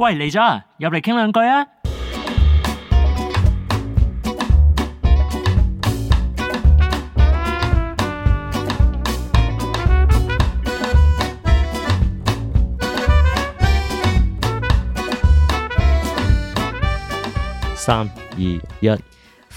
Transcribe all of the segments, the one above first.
喂，嚟咗啊，入嚟傾兩句啊！三、二、一。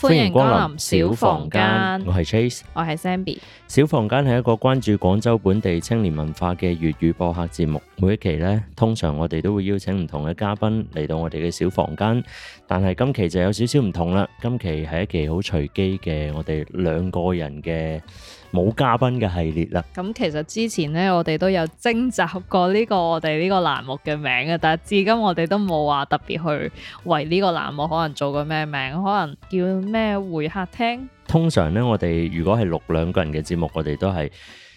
歡迎光臨小房間，我係 Trace，我係 Zenbi。小房間係一個關注廣州本地青年文化嘅粵語播客節目。每一期呢，通常我哋都會邀請唔同嘅嘉賓嚟到我哋嘅小房間。但係今期就有少少唔同啦，今期係一期好隨機嘅，我哋兩個人嘅。冇嘉賓嘅系列啦。咁其實之前呢，我哋都有徵集過呢個我哋呢個欄目嘅名嘅，但係至今我哋都冇話特別去為呢個欄目可能做個咩名，可能叫咩會客廳。通常呢，我哋如果係錄兩個人嘅節目，我哋都係。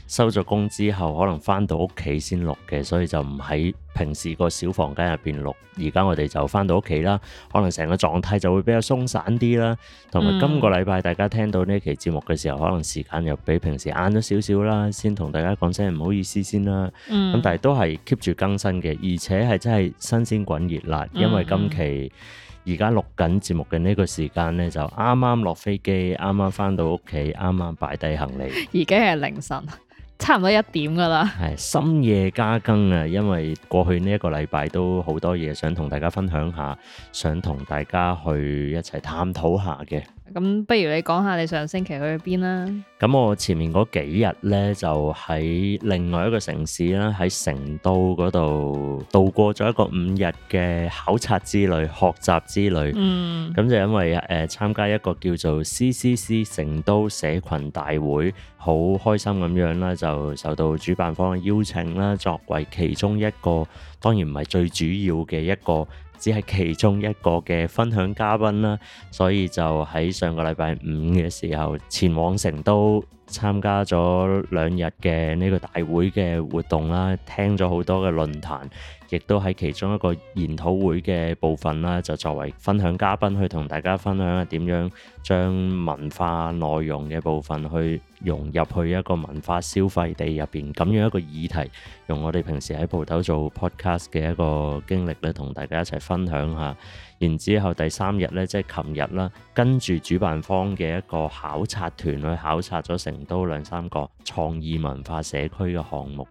收咗工之後，可能翻到屋企先錄嘅，所以就唔喺平時個小房間入邊錄。而家我哋就翻到屋企啦，可能成個狀態就會比較鬆散啲啦。同埋今個禮拜大家聽到呢期節目嘅時候，可能時間又比平時晏咗少少啦，先同大家講聲唔好意思先啦。咁、嗯、但係都係 keep 住更新嘅，而且係真係新鮮滾熱辣，因為今期而家錄緊節目嘅呢個時間呢，就啱啱落飛機，啱啱翻到屋企，啱啱擺低行李，而家係凌晨。差唔多一點㗎喇，係深夜加更啊，因為過去呢一個禮拜都好多嘢想同大家分享下，想同大家去一齊探討下嘅。咁不如你講下你上星期去咗邊啦？咁我前面嗰幾日咧就喺另外一個城市啦，喺成都嗰度度過咗一個五日嘅考察之旅、學習之旅。嗯，咁就因為誒、呃、參加一個叫做 CCC 成都社群大會，好開心咁樣啦，就受到主辦方嘅邀請啦，作為其中一個，當然唔係最主要嘅一個。只係其中一個嘅分享嘉賓啦，所以就喺上個禮拜五嘅時候，前往成都參加咗兩日嘅呢個大會嘅活動啦，聽咗好多嘅論壇，亦都喺其中一個研討會嘅部分啦，就作為分享嘉賓去同大家分享下點樣將文化內容嘅部分去融入去一個文化消費地入邊，咁樣一個議題，用我哋平時喺鋪頭做 podcast 嘅一個經歷咧，同大家一齊分享下。然之後第三日咧，即係琴日啦，跟住主辦方嘅一個考察團去考察咗成都兩三個創意文化社區嘅項目。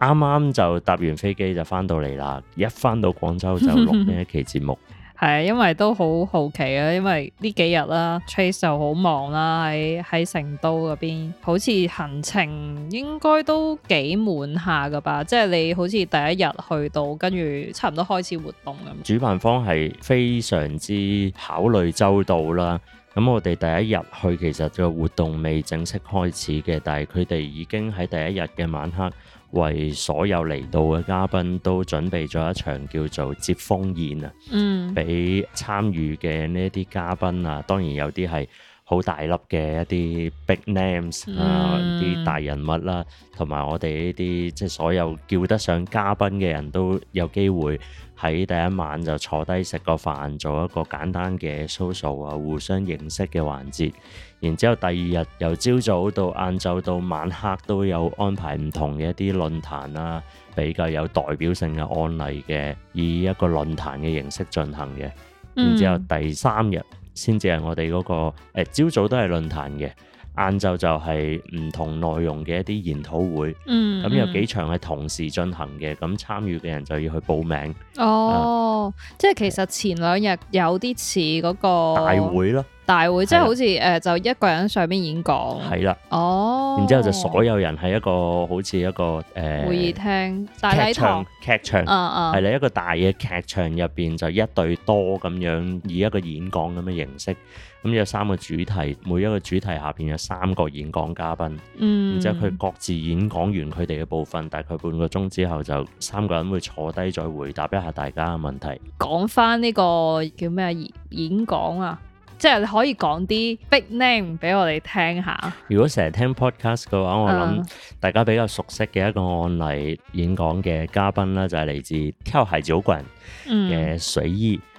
啱啱就搭完飛機就翻到嚟啦，一翻到廣州就錄呢一期節目。嗯嗯。係啊，因為都好好奇啊，因為呢幾日啦，Trace 就好忙啦，喺喺成都嗰邊，好似行程應該都幾滿下噶吧？即係你好似第一日去到，跟住差唔多開始活動咁。主辦方係非常之考慮周到啦。咁我哋第一日去其實個活動未正式開始嘅，但係佢哋已經喺第一日嘅晚黑，為所有嚟到嘅嘉賓都準備咗一場叫做接風宴啊，嗯，俾參與嘅呢啲嘉賓啊，當然有啲係好大粒嘅一啲 big names、嗯、啊，啲大人物啦、啊，同埋我哋呢啲即係所有叫得上嘉賓嘅人都有機會喺第一晚就坐低食個飯，做一個簡單嘅 social 啊，互相認識嘅環節。然之後，第二日由朝早到晏晝到晚黑都有安排唔同嘅一啲論壇啊，比較有代表性嘅案例嘅，以一個論壇嘅形式進行嘅。然之後第三日先至係我哋嗰、那個誒朝、哎、早都係論壇嘅。晏晝就係唔同內容嘅一啲研討會，咁、嗯嗯、有幾場係同時進行嘅，咁參與嘅人就要去報名。哦，啊、即係其實前兩日有啲似嗰個大會咯，大會的即係好似誒的、呃，就一個人上邊演講，係啦的，哦，然之後就所有人喺一個好似一個誒、呃、會議廳、大堂劇場、劇場，係啦、嗯嗯，一個大嘅劇場入邊就一對多咁樣，以一個演講咁嘅形式。咁有三個主題，每一個主題下邊有三個演講嘉賓，嗯，然之後佢各自演講完佢哋嘅部分，大概半個鐘之後就三個人會坐低再回答一下大家嘅問題。講翻呢個叫咩演講啊？即係你可以講啲 big name 俾我哋聽下。如果成日聽 podcast 嘅話，uh, 我諗大家比較熟悉嘅一個案例演講嘅嘉賓咧，就係、是、嚟自跳海酒館嘅水衣。嗯。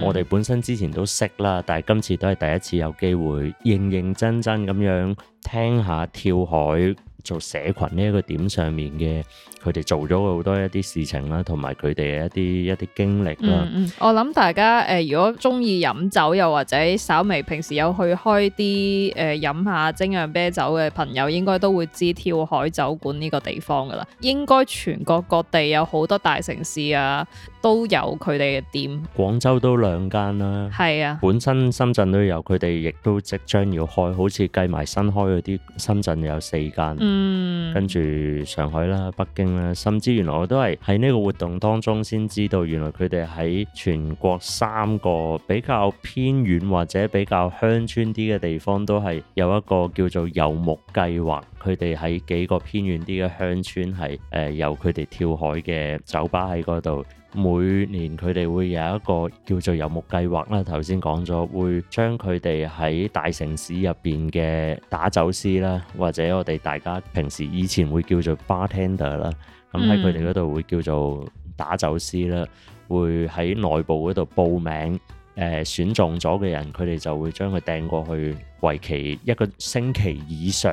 我哋本身之前都識啦，但係今次都係第一次有機會認認真真咁樣聽下跳海。做社群呢一個點上面嘅，佢哋做咗好多一啲事情啦，同埋佢哋一啲一啲經歷啦。嗯、我諗大家誒、呃，如果中意飲酒又或者稍微平時有去開啲誒飲下精釀啤酒嘅朋友，應該都會知跳海酒館呢個地方㗎喇。應該全國各地有好多大城市啊，都有佢哋嘅店。廣州都兩間啦，係啊，啊本身深圳都有，佢哋亦都即將要開，好似計埋新開嗰啲，深圳有四間。嗯嗯，跟住上海啦、北京啦，甚至原來我都係喺呢個活動當中先知道，原來佢哋喺全國三個比較偏遠或者比較鄉村啲嘅地方，都係有一個叫做遊牧計劃。佢哋喺幾個偏遠啲嘅鄉村，係誒由佢哋跳海嘅酒吧喺嗰度。每年佢哋會有一個叫做遊牧計劃啦，頭先講咗會將佢哋喺大城市入邊嘅打酒師啦，或者我哋大家平時以前會叫做 bartender 啦、嗯，咁喺佢哋嗰度會叫做打酒師啦，會喺內部嗰度報名，誒、呃、選中咗嘅人，佢哋就會將佢掟過去，為期一個星期以上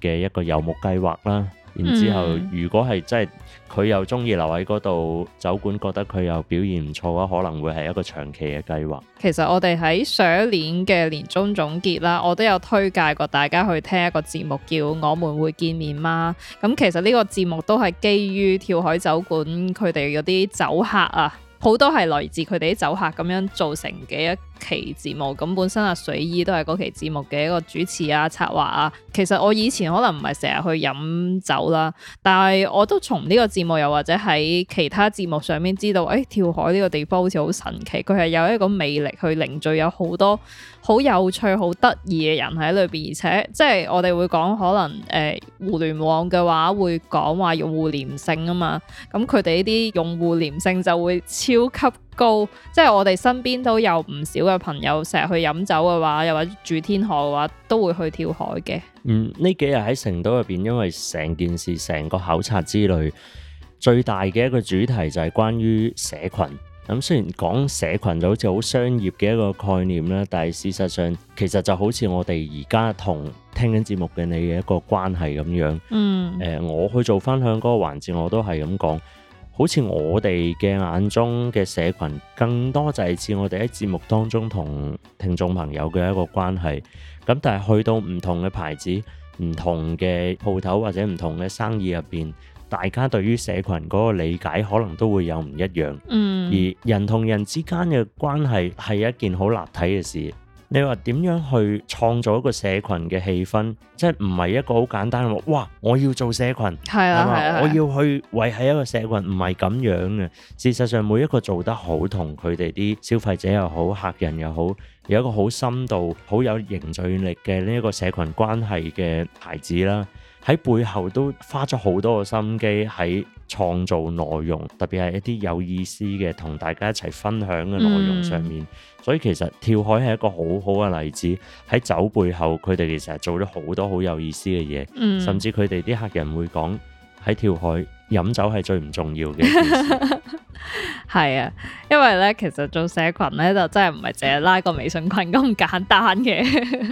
嘅一個遊牧計劃啦。然之後，如果係真係佢又中意留喺嗰度酒館，覺得佢又表現唔錯嘅，可能會係一個長期嘅計劃。其實我哋喺上一年嘅年終總結啦，我都有推介過大家去聽一個節目叫《我們會見面嗎》。咁、嗯、其實呢個節目都係基於跳海酒館佢哋嗰啲酒客啊，好多係來自佢哋啲酒客咁樣做成嘅一期節目。咁本身阿水姨都係嗰期節目嘅一個主持啊、策劃啊，其實我以前可能唔係成日去飲酒啦，但係我都從呢個節目又或者喺其他節目上面知道，誒、哎、跳海呢個地方好似好神奇，佢係有一個魅力去凝聚有好多好有趣好得意嘅人喺裏邊，而且即係我哋會講可能誒、呃、互聯網嘅話會講話用戶粘性啊嘛，咁佢哋呢啲用戶粘性就會超級高，即係我哋身邊都有唔少。個朋友成日去飲酒嘅話，又或者住天河嘅話，都會去跳海嘅。嗯，呢幾日喺成都入邊，因為成件事、成個考察之類，最大嘅一個主題就係關於社群。咁、嗯、雖然講社群就好似好商業嘅一個概念啦，但係事實上其實就好似我哋而家同聽緊節目嘅你嘅一個關係咁樣。嗯、誒、呃，我去做分享嗰個環節，我都係咁講。好似我哋嘅眼中嘅社群，更多就係似我哋喺節目當中同聽眾朋友嘅一個關係。咁但係去到唔同嘅牌子，唔同嘅鋪頭或者唔同嘅生意入邊，大家對於社群嗰個理解可能都會有唔一樣。嗯，而人同人之間嘅關係，係一件好立體嘅事。你話點樣去創造一個社群嘅氣氛？即係唔係一個好簡單喎？哇！我要做社群，係啊，係啊，我要去維係一個社群，唔係咁樣嘅。事實上，每一個做得好同佢哋啲消費者又好、客人又好，有一個好深度、好有凝聚力嘅呢一個社群關係嘅孩子啦。喺背後都花咗好多嘅心機喺創造內容，特別係一啲有意思嘅同大家一齊分享嘅內容上面。嗯、所以其實跳海係一個好好嘅例子。喺酒背後，佢哋其實做咗好多好有意思嘅嘢。嗯、甚至佢哋啲客人會講，喺跳海飲酒係最唔重要嘅一件事。 係啊，因為咧，其實做社群咧，就真係唔係淨係拉個微信群咁簡單嘅。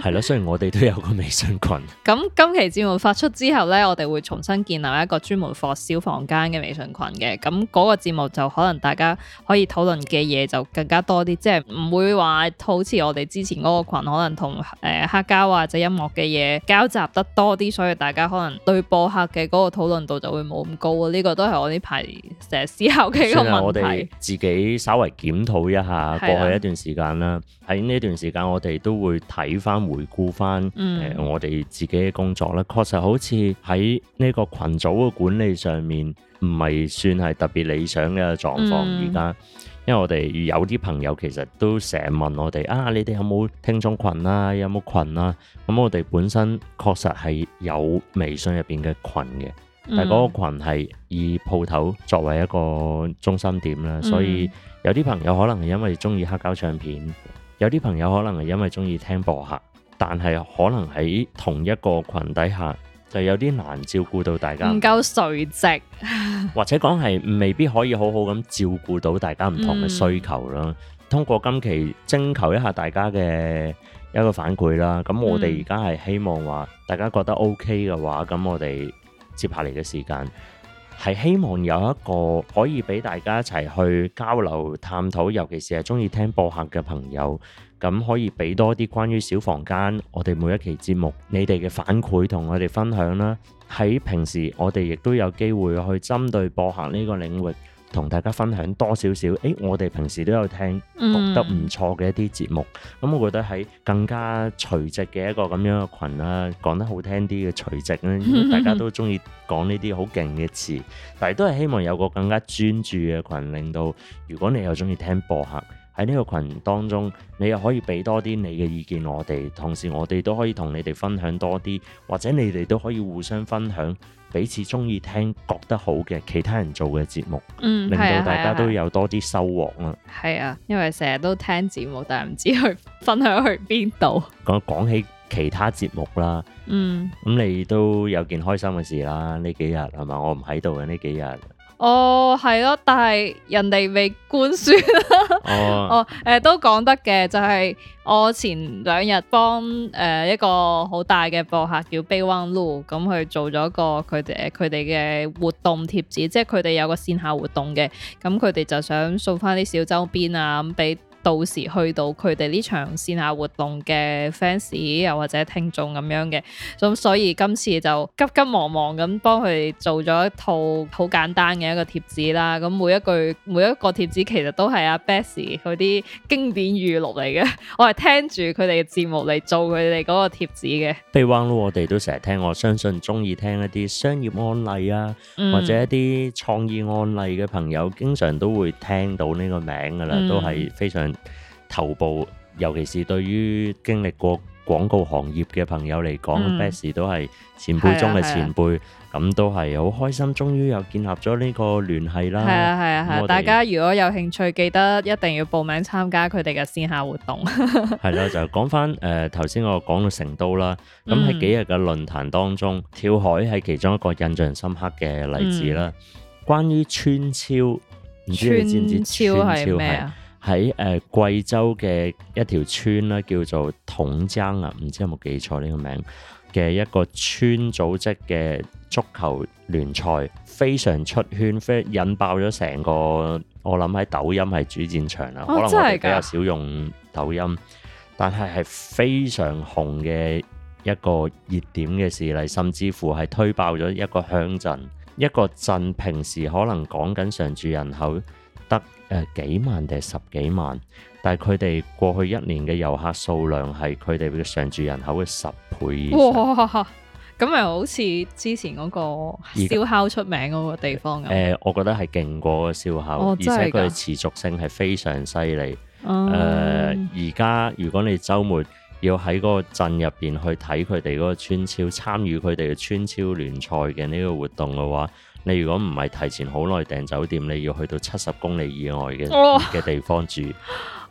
係 咯，雖然我哋都有個微信群。咁、嗯、今期節目發出之後咧，我哋會重新建立一個專門放小房間嘅微信群嘅。咁、嗯、嗰、嗰個節目就可能大家可以討論嘅嘢就更加多啲，即係唔會話好似我哋之前嗰個群可能同誒黑膠或者音樂嘅嘢交集得多啲，所以大家可能對播客嘅嗰個討論度就會冇咁高啊。呢、呢個都係我呢排成日思考嘅個問題。我哋自己稍微檢討一下過去一段時間啦，喺呢段時間我哋都會睇翻、回顧翻誒我哋自己嘅工作啦。確實好似喺呢個群組嘅管理上面，唔係算係特別理想嘅狀況而家。嗯、因為我哋有啲朋友其實都成日問我哋啊，你哋有冇聽眾群啊，有冇群啊？咁、嗯、我哋本身確實係有微信入邊嘅群嘅。但係嗰個羣係以鋪頭作為一個中心點啦，嗯、所以有啲朋友可能係因為中意黑膠唱片，有啲朋友可能係因為中意聽播客，但係可能喺同一個群底下，就有啲難照顧到大家，唔夠垂直， 或者講係未必可以好好咁照顧到大家唔同嘅需求啦。嗯、通過今期徵求一下大家嘅一個反饋啦，咁我哋而家係希望話大家覺得 OK 嘅話，咁我哋。接下嚟嘅時間，係希望有一個可以俾大家一齊去交流探討，尤其是係中意聽播客嘅朋友，咁可以俾多啲關於小房間，我哋每一期節目你哋嘅反饋同我哋分享啦。喺平時我哋亦都有機會去針對播客呢個領域。同大家分享多少少，誒、哎，我哋平時都有聽，覺得唔錯嘅一啲節目，咁、嗯嗯、我覺得喺更加垂直嘅一個咁樣嘅群啦、啊，講得好聽啲嘅垂直啦，大家都中意講呢啲好勁嘅詞，但係都係希望有個更加專注嘅群，令到如果你又中意聽播客，喺呢個群當中，你又可以俾多啲你嘅意見我哋，同時我哋都可以同你哋分享多啲，或者你哋都可以互相分享彼此中意聽覺得好嘅其他人做嘅節目，嗯、令到大家都有多啲收穫、嗯、啊，係啊，啊，因為成日都聽節目，但係唔知去分享去邊度。講講起其他節目啦，嗯，咁、嗯、你都有件開心嘅事啦，呢幾日係咪？我唔喺度嘅呢幾日。哦，係咯，但係人哋未官宣哦，誒、哦呃、都講得嘅，就係、是、我前兩日幫誒、呃、一個好大嘅播客叫貝望錄咁、嗯、去做咗個佢哋佢哋嘅活動貼紙，即係佢哋有個線下活動嘅，咁佢哋就想送翻啲小周邊啊咁俾。到時去到佢哋呢場線下活動嘅 fans 又或者聽眾咁樣嘅，咁所以今次就急急忙忙咁幫佢哋做咗一套好簡單嘅一個貼紙啦。咁每一句每一個貼紙其實都係阿 Bessy 啲經典語錄嚟嘅。我係聽住佢哋嘅節目嚟做佢哋嗰個貼紙嘅。譬如話我哋都成日聽，我相信中意聽一啲商業案例啊，或者一啲創意案例嘅朋友，嗯、經常都會聽到呢個名噶啦，嗯、都係非常。頭部，尤其是對於經歷過廣告行業嘅朋友嚟講，Best 都係前輩中嘅前輩，咁都係好開心，終於又建立咗呢個聯繫啦。係啊，係啊，係！大家如果有興趣，記得一定要報名參加佢哋嘅線下活動。係啦，就講翻誒，頭先我講到成都啦，咁喺幾日嘅論壇當中，跳海係其中一個印象深刻嘅例子啦。關於穿超，唔知你知唔知穿超係咩啊？喺誒、呃、貴州嘅一條村咧，叫做統江啊，唔知有冇記錯呢個名嘅一個村組織嘅足球聯賽，非常出圈，非常引爆咗成個。我諗喺抖音係主戰場啦，哦、可能我哋比較少用抖音，但係係非常紅嘅一個熱點嘅事例，甚至乎係推爆咗一個鄉鎮，一個鎮平時可能講緊常住人口。得誒、呃、幾萬定係十幾萬，但係佢哋過去一年嘅遊客數量係佢哋嘅常住人口嘅十倍以上。咁咪好似之前嗰個燒烤出名嗰個地方咁。誒、呃，我覺得係勁過個燒烤，哦、而且佢持續性係非常犀利。誒、嗯，而家、呃、如果你周末要喺嗰個鎮入邊去睇佢哋嗰個村超，參與佢哋嘅村超聯賽嘅呢個活動嘅話。你如果唔係提前好耐訂酒店，你要去到七十公里以外嘅嘅、哦、地方住。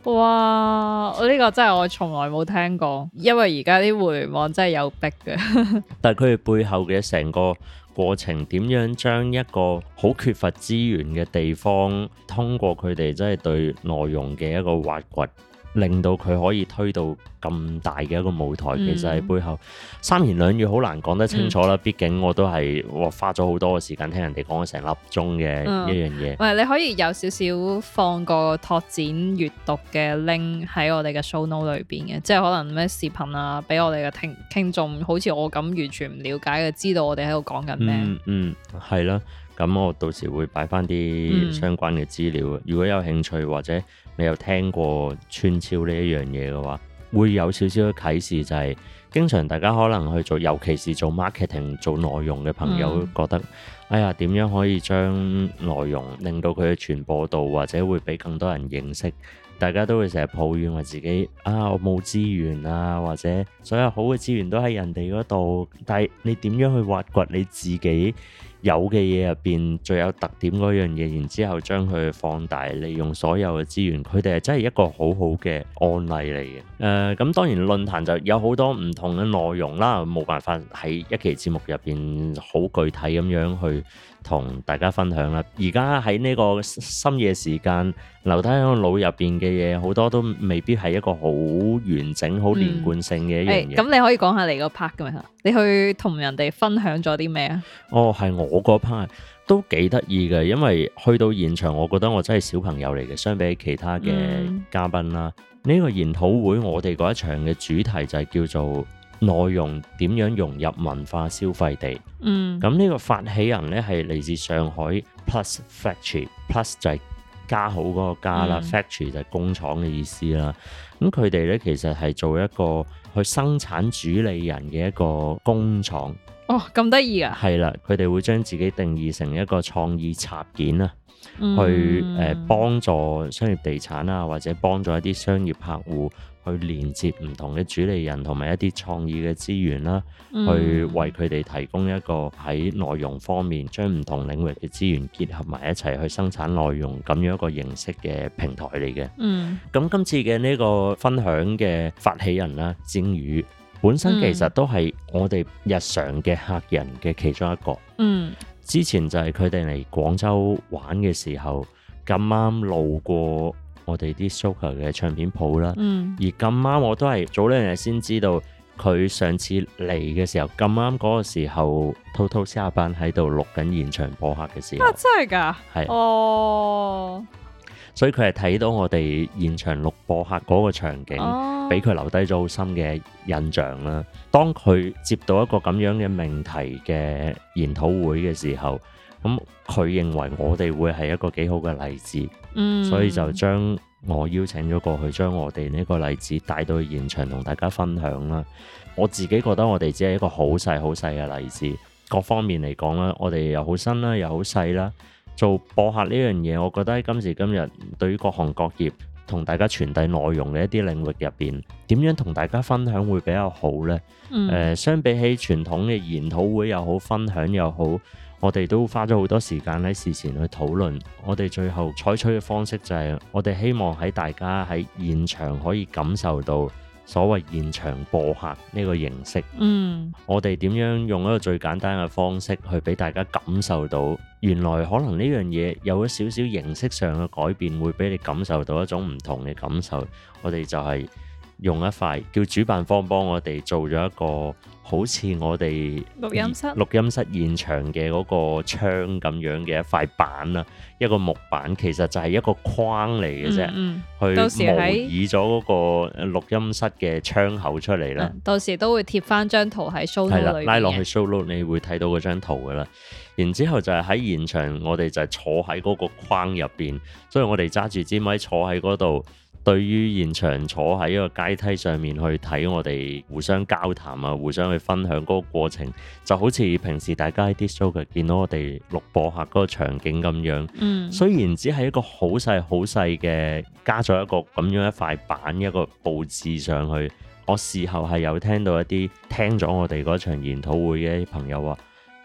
哇！呢、這個真係我從來冇聽過，因為而家啲互聯網真係有逼嘅。 但係佢哋背後嘅成個過程，點樣將一個好缺乏資源嘅地方，通過佢哋真係對內容嘅一個挖掘。令到佢可以推到咁大嘅一個舞台，其實喺背後、嗯、三言兩語好難講得清楚啦。畢、嗯、竟我都係我花咗好多嘅時間聽人哋講咗成粒鐘嘅一樣嘢。喂、嗯、你可以有少少放個拓展閱讀嘅 link 喺我哋嘅 show note 裏邊嘅，即係可能咩視頻啊，俾我哋嘅聽聽眾好似我咁完全唔了解嘅，知道我哋喺度講緊咩？嗯嗯，係啦。咁我到時會擺翻啲相關嘅資料。嗯、如果有興趣或者～你有聽過川超呢一樣嘢嘅話，會有少少嘅啟示、就是，就係經常大家可能去做，尤其是做 marketing、做內容嘅朋友，覺得、嗯、哎呀點樣可以將內容令到佢嘅傳播度或者會俾更多人認識？大家都會成日抱怨話自己啊，我冇資源啊，或者所有好嘅資源都喺人哋嗰度，但係你點樣去挖掘你自己？有嘅嘢入邊最有特點嗰樣嘢，然之後將佢放大，利用所有嘅資源，佢哋係真係一個好好嘅案例嚟嘅。誒、呃，咁當然論壇就有好多唔同嘅內容啦，冇辦法喺一期節目入邊好具體咁樣去同大家分享啦。而家喺呢個深夜時間，留低喺個腦入邊嘅嘢好多都未必係一個好完整、好、嗯、連貫性嘅一樣嘢。咁、哎、你可以講下你個 part 嘅咩？你去同人哋分享咗啲咩啊？哦，係我嗰 part 都幾得意嘅，因為去到現場，我覺得我真係小朋友嚟嘅，相比其他嘅嘉賓啦。呢、嗯、個研討會我哋嗰一場嘅主題就係叫做內容點樣融入文化消費地。嗯，咁呢個發起人呢係嚟自上海 Plus Factory，Plus 就係加好嗰個加啦、嗯、，Factory 就係工廠嘅意思啦。咁佢哋呢其實係做一個。去生產主理人嘅一個工廠哦，咁得意㗎，係啦，佢哋會將自己定義成一個創意插件啊，嗯、去誒、呃、幫助商業地產啊，或者幫助一啲商業客戶，去連接唔同嘅主理人同埋一啲創意嘅資源啦，嗯、去為佢哋提供一個喺內容方面將唔同領域嘅資源結合埋一齊去生產內容咁樣一個形式嘅平台嚟嘅。嗯，咁今次嘅呢個分享嘅發起人啦、啊，詹宇本身其實都係我哋日常嘅客人嘅其中一個。嗯，之前就係佢哋嚟廣州玩嘅時候咁啱路過。我哋啲 s o c c e r 嘅唱片鋪啦，嗯、而咁啱我都係早兩日先知道佢上次嚟嘅時候，咁啱嗰個時候偷偷下班喺度錄緊現場播客嘅時候，啊真係噶，係的哦，所以佢係睇到我哋現場錄播客嗰個場景，俾佢、哦、留低咗好深嘅印象啦。當佢接到一個咁樣嘅命題嘅研討會嘅時候，咁佢認為我哋會係一個幾好嘅例子，嗯、所以就將我邀請咗過去，將我哋呢個例子帶到現場同大家分享啦。我自己覺得我哋只係一個好細好細嘅例子，各方面嚟講啦，我哋又好新啦，又好細啦。做播客呢樣嘢，我覺得今時今日，對於各行各業同大家傳遞內容嘅一啲領域入邊，點樣同大家分享會比較好呢？誒、嗯呃，相比起傳統嘅研討會又好，分享又好。我哋都花咗好多時間喺事前去討論，我哋最後採取嘅方式就係，我哋希望喺大家喺現場可以感受到所謂現場播客呢個形式。嗯，我哋點樣用一個最簡單嘅方式去俾大家感受到，原來可能呢樣嘢有一少少形式上嘅改變，會俾你感受到一種唔同嘅感受。我哋就係用一塊叫主辦方幫我哋做咗一個，好似我哋錄音室錄音室現場嘅嗰個窗咁樣嘅一塊板啦，一個木板其實就係一個框嚟嘅啫，嗯嗯，到時去模擬咗嗰個錄音室嘅窗口出嚟啦、嗯。到時都會貼翻張圖喺 show note 啦，拉落去 show note 你會睇到嗰張圖㗎啦。然之後就係喺現場，我哋就係坐喺嗰個框入邊，所以我哋揸住支咪坐喺嗰度。對於現場坐喺一個階梯上面去睇，我哋互相交談啊，互相去分享嗰個過程，就好似平時大家喺 DISC JOKER 見到我哋錄播客嗰個場景咁樣。嗯，雖然只係一個好細好細嘅加咗一個咁樣一塊板一個佈置上去，我事後係有聽到一啲聽咗我哋嗰場研討會嘅朋友話，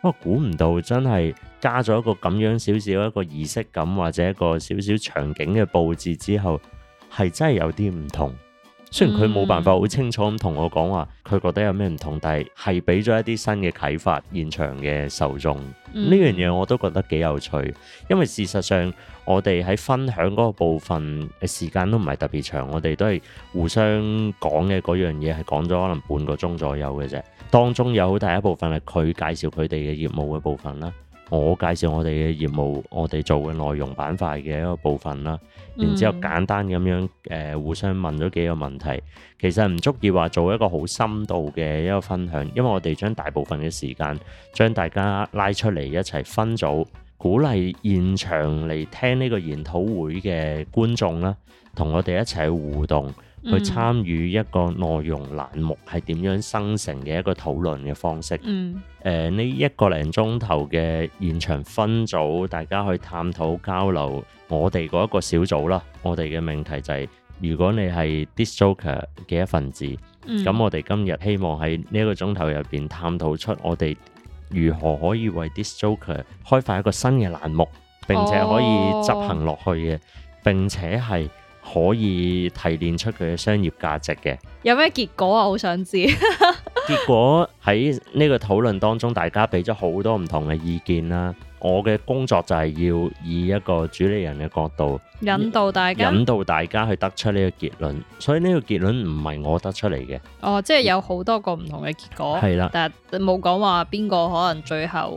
我估唔到真係加咗一個咁樣少少一個儀式感，或者一個少少場景嘅佈置之後。係真係有啲唔同，雖然佢冇辦法好、嗯、清楚咁同我講話，佢覺得有咩唔同，但係係俾咗一啲新嘅啟發，現場嘅受眾呢樣嘢我都覺得幾有趣，因為事實上我哋喺分享嗰個部分時間都唔係特別長，我哋都係互相講嘅嗰樣嘢係講咗可能半個鐘左右嘅啫，當中有好大一部分係佢介紹佢哋嘅業務嘅部分啦。我介紹我哋嘅業務，我哋做嘅內容板塊嘅一個部分啦。然之後簡單咁樣誒，互相問咗幾個問題，其實唔足以話做一個好深度嘅一個分享，因為我哋將大部分嘅時間將大家拉出嚟一齊分組，鼓勵現場嚟聽呢個研討會嘅觀眾啦，同我哋一齊互動。去參與一個內容欄目係點樣生成嘅一個討論嘅方式。誒呢、嗯呃、一個零鐘頭嘅現場分組，大家去探討交流。我哋嗰一個小組啦，我哋嘅命題就係、是：如果你係 DISC JOKER 嘅一份子，咁、嗯、我哋今日希望喺呢一個鐘頭入邊探討出我哋如何可以為 DISC JOKER 開發一個新嘅欄目，並且可以執行落去嘅，哦、並且係。可以提煉出佢嘅商業價值嘅，有咩結果啊？我好想知。 結果，喺呢個討論當中，大家俾咗好多唔同嘅意見啦。我嘅工作就係要以一個主理人嘅角度引導大家，引導大家去得出呢個結論。所以呢個結論唔係我得出嚟嘅。哦，即係有好多個唔同嘅結果。係啦、嗯，但係冇講話邊個可能最後。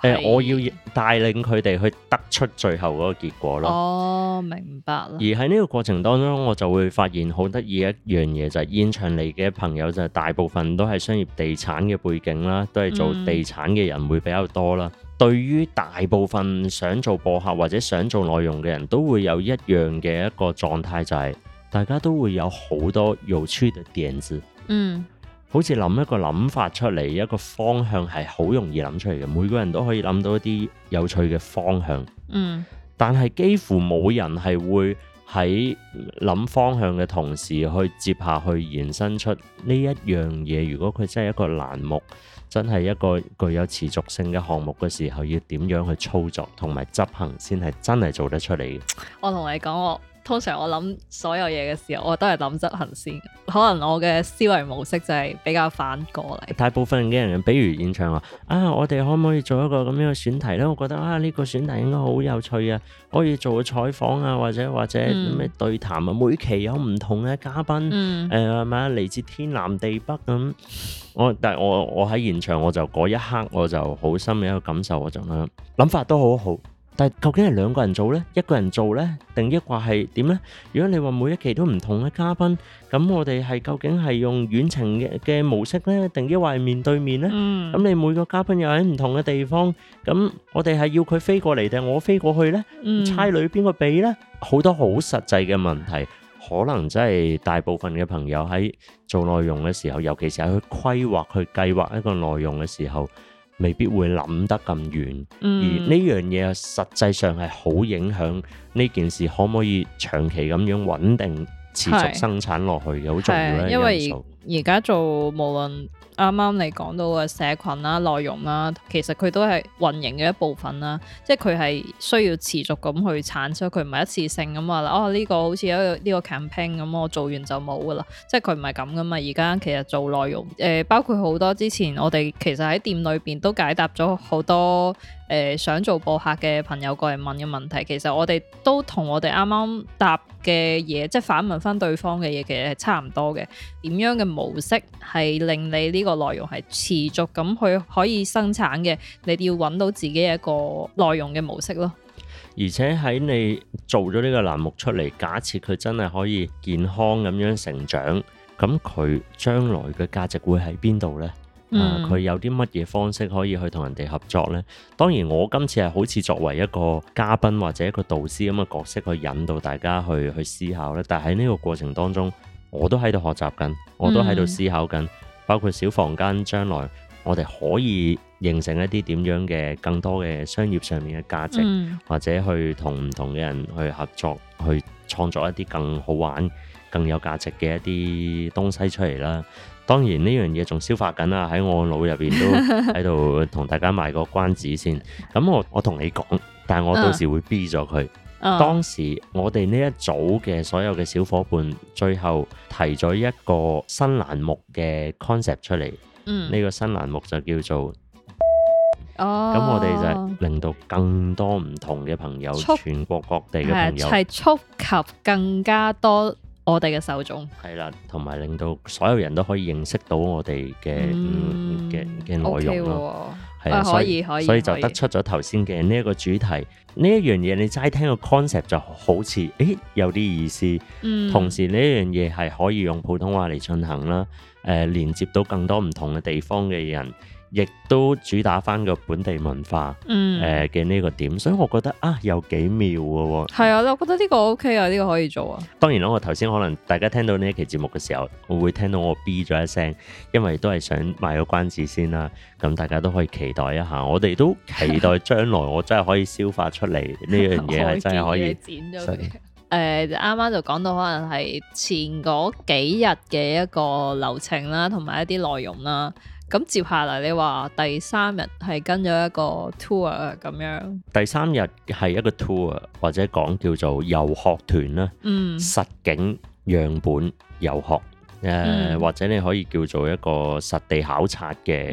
誒、呃，我要帶領佢哋去得出最後嗰個結果咯。哦，明白。而喺呢個過程當中，我就會發現好得意一樣嘢就係、是、現場嚟嘅朋友就大部分都係商業地產嘅背景啦，都係做地產嘅人會比較多啦。嗯對於大部分想做播客或者想做內容嘅人都會有一樣嘅一個狀態，就係大家都會有好多有趣的點子。嗯，好似諗一個諗法出嚟，一個方向係好容易諗出嚟嘅。每個人都可以諗到一啲有趣嘅方向。嗯，但係幾乎冇人係會喺諗方向嘅同時去接下去延伸出呢一樣嘢。如果佢真係一個欄目，真係一個具有持續性嘅項目嘅時候，要點樣去操作同埋執行先係真係做得出嚟嘅？我同你講，我。通常我諗所有嘢嘅時候，我都係諗執行先。可能我嘅思維模式就係比較反過嚟。大部分嘅人，比如現場話啊，我哋可唔可以做一個咁樣嘅選題咧？我覺得啊，呢個選題應該好有趣啊，可以做個採訪啊，或者或者咩對談啊。每期有唔同嘅嘉賓，誒係咪啊，嚟自天南地北咁。我但係我我喺現場，我就嗰一刻我就好深嘅一個感受嗰種啦，諗法都好好。但究竟係兩個人做呢？一個人做呢？定啲話係點呢？如果你話每一期都唔同嘅嘉賓，咁我哋係究竟係用遠程嘅嘅模式呢？定啲話係面對面呢？咁、嗯、你每個嘉賓又喺唔同嘅地方，咁我哋係要佢飛過嚟定我飛過去呢？差旅邊個俾呢？好多好實際嘅問題，可能真係大部分嘅朋友喺做內容嘅時候，尤其是喺去規劃去計劃一個內容嘅時候，未必會諗得咁遠，嗯、而呢樣嘢實際上係好影響呢件事可唔可以長期咁樣穩定持續生產落去嘅好是重要嘅是因素。因為而家做無論，啱啱你講到嘅社群啦、啊、內容啦、啊，其實佢都係運營嘅一部分啦、啊，即係佢係需要持續咁去產出，佢唔係一次性咁話，哦，呢、這個好似有呢個 campaign 咁、嗯，我做完就冇噶啦，即係佢唔係咁噶嘛。而家其實做內容，誒、呃、包括好多之前我哋其實喺店裏邊都解答咗好多。誒、呃，想做播客嘅朋友過嚟問嘅問題，其實我哋都同我哋啱啱答嘅嘢，即係反問翻對方嘅嘢，其實係差唔多嘅。點樣嘅模式係令你呢個內容係持續咁去可以生產嘅？你哋要揾到自己一個內容嘅模式咯。而且喺你做咗呢個欄目出嚟，假設佢真係可以健康咁樣成長，咁佢將來嘅價值會喺邊度咧？佢、啊、有啲乜嘢方式可以去同人哋合作呢？當然，我今次係好似作為一個嘉賓或者一個導師咁嘅角色去引導大家去去思考咧。但喺呢個過程當中，我都喺度學習緊，我都喺度思考緊，包括小房間將來我哋可以形成一啲點樣嘅更多嘅商業上面嘅價值，嗯、或者去同唔同嘅人去合作，去創作一啲更好玩、更有價值嘅一啲東西出嚟啦。當然呢樣嘢仲消化緊啦，喺、這個、我腦入邊都喺度同大家賣個關子先。咁 我我同你講，但係我到時會 B 咗佢。嗯嗯、當時我哋呢一組嘅所有嘅小伙伴，最後提咗一個新欄目嘅 concept 出嚟。嗯，呢個新欄目就叫做哦。咁我哋就令到更多唔同嘅朋友，速全國各地嘅朋友係觸及更加多。我哋嘅手中係啦，同埋令到所有人都可以認識到我哋嘅嘅嘅內容咯。係。所以、哎、可以、可以、所以就得出咗頭先嘅呢一個主題，呢一樣嘢你齋聽個 concept 就好似誒有啲意思。嗯、同時呢一樣嘢係可以用普通話嚟進行啦。誒、呃，連接到更多唔同嘅地方嘅人。亦都主打翻個本地文化，誒嘅呢個點，嗯、所以我覺得啊，有幾妙嘅喎。係啊，我覺得呢個 O K 啊，呢、呢個可以做啊。當然啦，我頭先可能大家聽到呢一期節目嘅時候，我會聽到我 B 咗一聲，因為都係想賣個關子先啦。咁大家都可以期待一下，我哋都期待將來我真係可以消化出嚟。呢樣嘢係真係可以 剪咗。誒啱啱就講到可能係前嗰幾日嘅一個流程啦，同埋一啲內容啦。咁接下嚟，你話第三日係跟咗一個 tour 咁樣？第三日係一個 tour，或者講叫做遊學團啦，嗯、實景樣本遊學，誒、呃嗯、或者你可以叫做一個實地考察嘅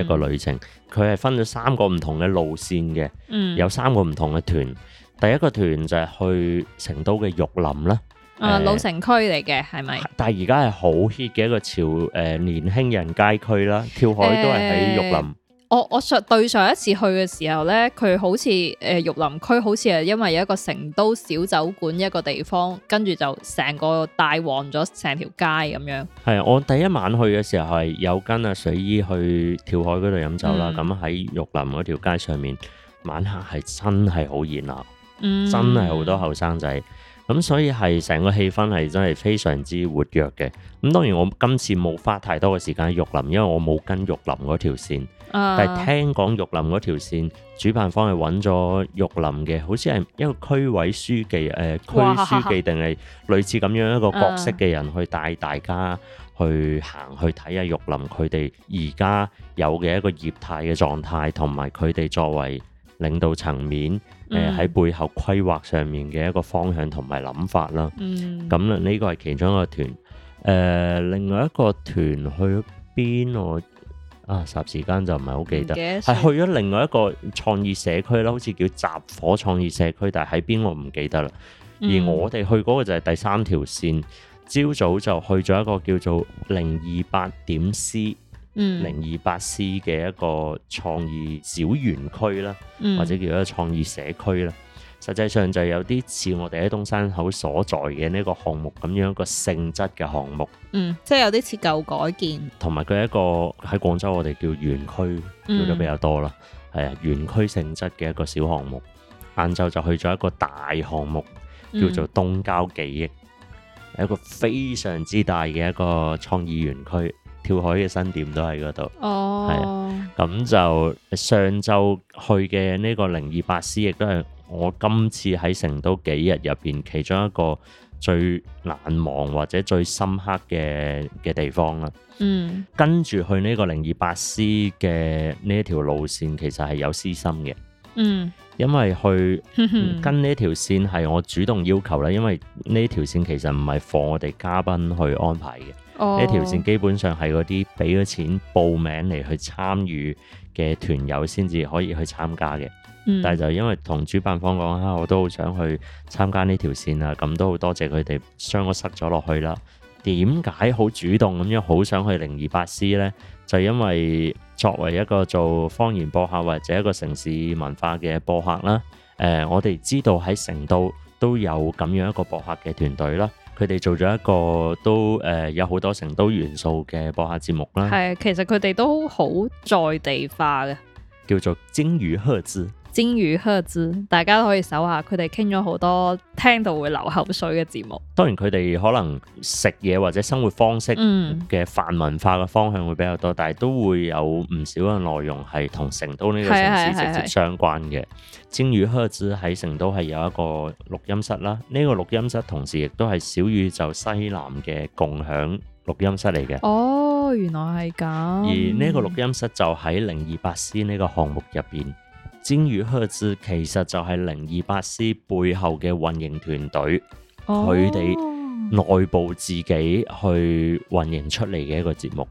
一個旅程。佢係、嗯、分咗三個唔同嘅路線嘅，嗯、有三個唔同嘅團。第一個團就係去成都嘅玉林啦。啊，老城區嚟嘅係咪？是是但係而家係好 hit 嘅一個潮誒、呃、年輕人街區啦，跳海都係喺玉林。呃、我我上對上一次去嘅時候呢，佢好似誒、呃、玉林區好似係因為有一個成都小酒館一個地方，跟住就成個大旺咗成條街咁樣。係我第一晚去嘅時候係有跟阿水姨去跳海嗰度飲酒啦，咁喺、嗯、玉林嗰條街上面，晚黑係真係好熱鬧，嗯、真係好多後生仔。咁、嗯、所以係成個氣氛係真係非常之活躍嘅。咁、嗯、當然我今次冇花太多嘅時間喺玉林，因為我冇跟玉林嗰條線，嗯、但係聽講玉林嗰條線主辦方係揾咗玉林嘅，好似係一個區委書記誒區、呃、書記定係類似咁樣一個角色嘅人去帶大家去行去睇下、啊嗯、玉林佢哋而家有嘅一個業態嘅狀態同埋佢哋作為領導層面。誒喺、嗯呃、背後規劃上面嘅一個方向同埋諗法啦，咁呢、嗯、個係其中一個團。誒、呃，另外一個團去邊我霎、啊、時間就唔係好記得，係去咗另外一個創意社區啦，好似叫集火創意社區，但係喺邊我唔記得啦。而我哋去嗰個就係第三條線，朝、嗯、早就去咗一個叫做零二八點 C。零二八 C 嘅一個創意小園區啦，嗯、或者叫一個創意社區啦，實際上就有啲似我哋喺東山口所在嘅呢個項目咁樣一個性質嘅項目，嗯，即係有啲似舊改建，同埋佢係一個喺廣州我哋叫園區叫得比較多啦，係啊、嗯，園區性質嘅一個小項目。晏晝就去咗一個大項目，叫做東郊記憶，係、嗯、一個非常之大嘅一個創意園區。跳海嘅新店都喺嗰度，係、oh. 啊，咁就上晝去嘅呢個零二八 C，亦都係我今次喺成都幾日入邊其中一個最難忘或者最深刻嘅嘅地方啦、啊。嗯，mm. 跟住去呢個零二八 C 嘅呢條路線，其實係有私心嘅。嗯，mm. 因為去跟呢條線係我主動要求啦，因為呢條線其實唔係放我哋嘉賓去安排嘅。呢條、哦、線基本上係嗰啲俾咗錢報名嚟去參與嘅團友先至可以去參加嘅，嗯、但係就因為同主辦方講啊，我都好想去參加呢條線啊，咁都好多謝佢哋將我塞咗落去啦。點解好主動咁樣好想去鯨魚赫茲呢？就因為作為一個做方言播客或者一個城市文化嘅播客啦，誒、呃，我哋知道喺成都都有咁樣一個播客嘅團隊啦。佢哋做咗一個都有好多成都元素嘅播客節目啦。係啊，其實佢哋都好在地化嘅，叫做鯨魚赫茲。鯨魚赫茲，大家都可以搜下，佢哋傾咗好多聽到會流口水嘅節目。當然，佢哋可能食嘢或者生活方式嘅泛文化嘅方向會比較多，但係都會有唔少嘅內容係同成都呢個城市直接相關嘅。鯨魚赫茲喺成都係有一個錄音室啦，呢個錄音室同時亦都係小宇宙西南嘅共享錄音室嚟嘅。哦，原來係咁。而呢個錄音室就喺零二八 C 呢個項目入邊。《鯨魚赫茲》其實就係《零二八 C》背後嘅運營團隊，佢哋內部自己去運營出嚟嘅一個節目，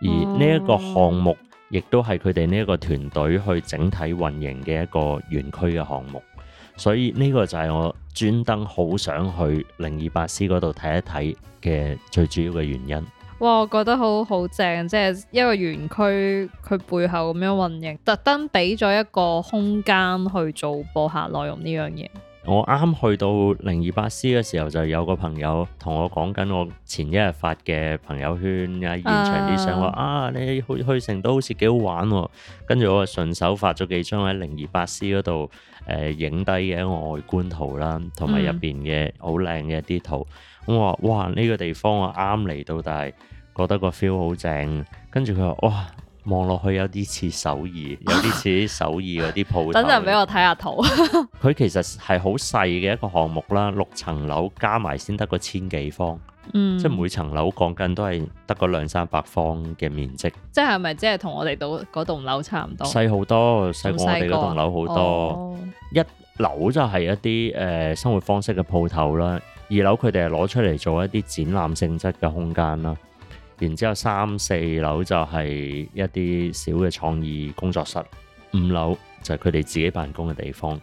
而呢一個項目亦都係佢哋呢一個團隊去整體運營嘅一個園區嘅項目，所以呢個就係我專登好想去《零二八 C》嗰度睇一睇嘅最主要嘅原因。哇，我覺得好好正，即係一個園區，佢背後咁樣運營，特登俾咗一個空間去做播客內容呢樣嘢。我啱去到零二八 C 嘅時候，就有個朋友同我講緊我前一日發嘅朋友圈喺現場啲相，話啊，啊你去去成都好似幾好玩喎，哦，跟住我就順手發咗幾張喺零二八 C 嗰度。誒影低嘅外觀圖啦，同埋入邊嘅好靚嘅一啲圖，嗯、我話哇，呢個地方我啱嚟到，但係覺得個 feel 好正，跟住佢話哇，望落去有啲似首爾， 有啲似首爾嗰啲鋪頭。 等陣俾我睇下圖。佢 其實係好細嘅一個項目啦，六層樓加埋先得個千幾方。嗯、即係每層樓講緊都係得個兩三百方嘅面積。即係咪即係同我哋到嗰棟樓差唔多？細好多，細過我哋嗰棟樓好多。哦、一樓就係一啲誒、呃、生活方式嘅鋪頭啦，二樓佢哋係攞出嚟做一啲展覽性質嘅空間啦。然之後三四樓就係一啲小嘅創意工作室，五樓就係佢哋自己辦公嘅地方。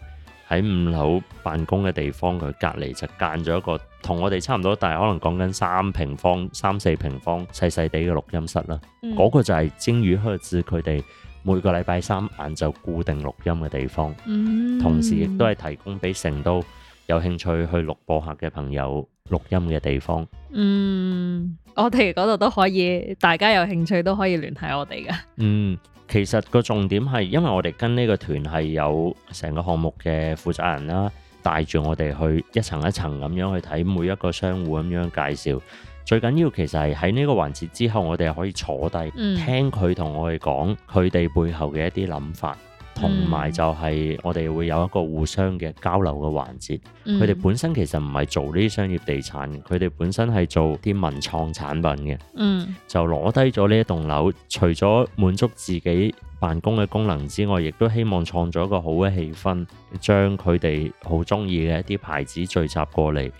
喺五樓辦公嘅地方，佢隔離就間咗一個同我哋差唔多大，但係可能講緊三平方、三四平方細細地嘅錄音室啦。嗰、嗯、個就係精語呵始鯨魚赫茲，佢哋每個禮拜三晏晝固定錄音嘅地方，嗯、同時亦都係提供俾成都有興趣去錄播客嘅朋友錄音嘅地方。嗯。嗯我哋嗰度都可以，大家有興趣都可以聯繫我哋㗎。嗯，其實個重點係，因為我哋跟呢個團係有成個項目嘅負責人啦、啊，帶住我哋去一層一層咁樣去睇每一個商戶咁樣介紹。最緊要其實係喺呢個環節之後，我哋係可以坐低聽佢同我哋講佢哋背後嘅一啲諗法。嗯同埋就係我哋會有一個互相嘅交流嘅環節。佢哋、嗯、本身其實唔係做呢啲商業地產，佢哋本身係做啲文創產品嘅。嗯，就攞低咗呢一棟樓，除咗滿足自己辦公嘅功能之外，亦都希望創造一個好嘅氣氛，將佢哋好中意嘅一啲牌子聚集過嚟，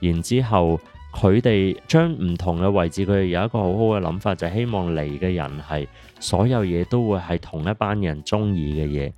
然之後，佢哋將唔同嘅位置，佢哋有一個好好嘅諗法，就係希望嚟嘅人係所有嘢都會係同一班人中意嘅嘢，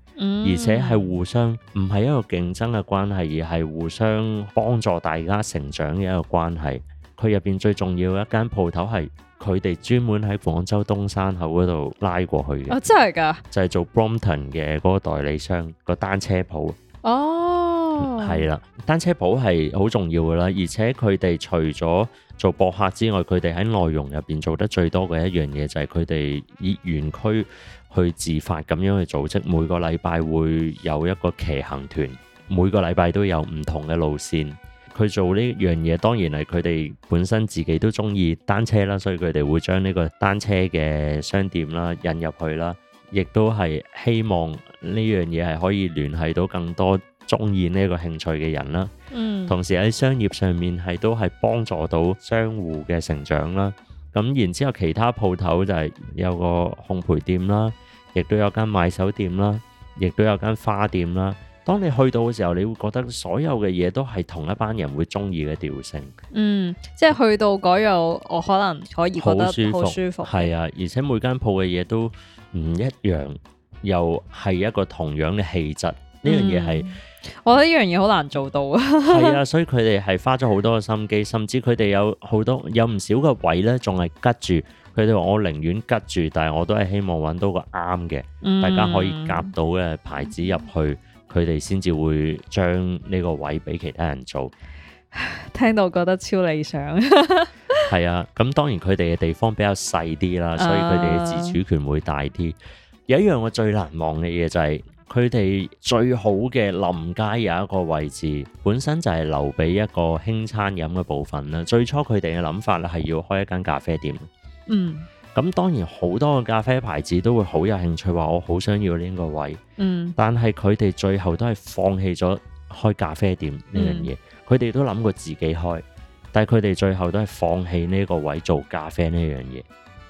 而且係互相唔係一個競爭嘅關係，而係互相幫助大家成長嘅一個關係。佢入邊最重要一間鋪頭係佢哋專門喺廣州東山口嗰度拉過去嘅。哦、啊，真係噶，就係做 Brompton 嘅嗰個代理商、個單車鋪。哦。係啦，單車鋪係好重要噶啦。而且佢哋除咗做博客之外，佢哋喺內容入邊做得最多嘅一樣嘢就係佢哋以園區去自發咁樣去組織。每個禮拜會有一個騎行團，每個禮拜都有唔同嘅路線。佢做呢樣嘢，當然係佢哋本身自己都中意單車啦，所以佢哋會將呢個單車嘅商店啦引入去啦，亦都係希望呢樣嘢係可以聯繫到更多，中意呢一個興趣嘅人啦，嗯、同時喺商業上面係都係幫助到商戶嘅成長啦。咁然之後其他鋪頭就係有個烘焙店啦，亦都有間買手店啦，亦都有間花店啦。當你去到嘅時候，你會覺得所有嘅嘢都係同一班人會中意嘅調性。嗯，即係去到嗰樣，我可能可以覺得好舒服。係啊，而且每間鋪嘅嘢都唔一樣，又係一個同樣嘅氣質。呢樣嘢係，我覺得呢樣嘢好難做到啊！係 啊，所以佢哋係花咗好多嘅心機，甚至佢哋有好多有唔少嘅位咧，仲係吉住。佢哋話我寧願吉住，但係我都係希望揾到個啱嘅， 大家可以夾到嘅牌子入去，佢哋先至會將呢個位俾其他人做。聽到覺得超理想。係 啊，咁當然佢哋嘅地方比較細啲啦，所以佢哋嘅自主權會大啲。Uh、有一樣我最難忘嘅嘢就係、是。佢哋最好嘅臨街有一個位置，本身就係留俾一個輕餐飲嘅部分啦。最初佢哋嘅諗法咧係要開一間咖啡店。嗯，咁當然好多嘅咖啡牌子都會好有興趣話：我好想要呢個位。嗯，但係佢哋最後都係放棄咗開咖啡店呢樣嘢。佢哋、嗯、都諗過自己開，但係佢哋最後都係放棄呢個位做咖啡呢樣嘢。